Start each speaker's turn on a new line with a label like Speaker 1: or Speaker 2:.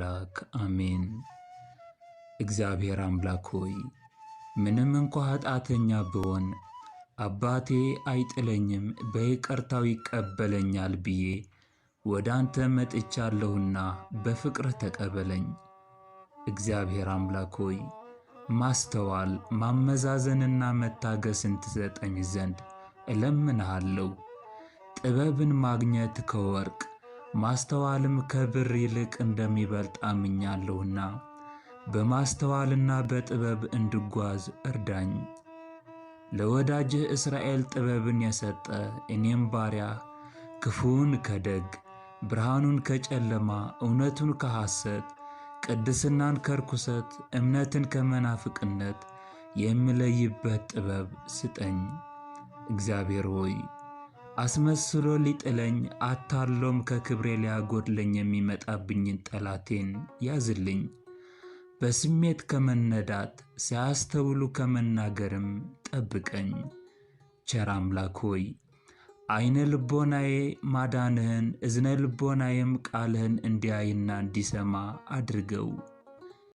Speaker 1: አምላክ አሜን። እግዚአብሔር አምላክ ሆይ ምንም እንኳ ኃጢአተኛ ብሆን አባቴ አይጥለኝም፣ በይቅርታው ይቀበለኛል ብዬ ወደ አንተ መጥቻለሁና በፍቅር ተቀበለኝ። እግዚአብሔር አምላክ ሆይ ማስተዋል ማመዛዘንና መታገስን ትሰጠኝ ዘንድ እለምንሃለሁ። ጥበብን ማግኘት ከወርቅ ማስተዋልም ከብር ይልቅ እንደሚበልጥ አምኛለሁና በማስተዋልና በጥበብ እንድጓዝ እርዳኝ። ለወዳጅህ እስራኤል ጥበብን የሰጠ እኔም ባሪያ ክፉውን ከደግ ብርሃኑን ከጨለማ እውነቱን ከሐሰት ቅድስናን ከርኩሰት እምነትን ከመናፍቅነት የምለይበት ጥበብ ስጠኝ። እግዚአብሔር ሆይ አስመስሎ ሊጥለኝ አታሎም ከክብሬ ሊያጎድለኝ የሚመጣብኝን ጠላቴን ያዝልኝ። በስሜት ከመነዳት ሲያስተውሉ ከመናገርም ጠብቀኝ። ቸር አምላክ ሆይ አይነ ልቦናዬ ማዳንህን እዝነ ልቦናዬም ቃልህን እንዲያይና እንዲሰማ አድርገው።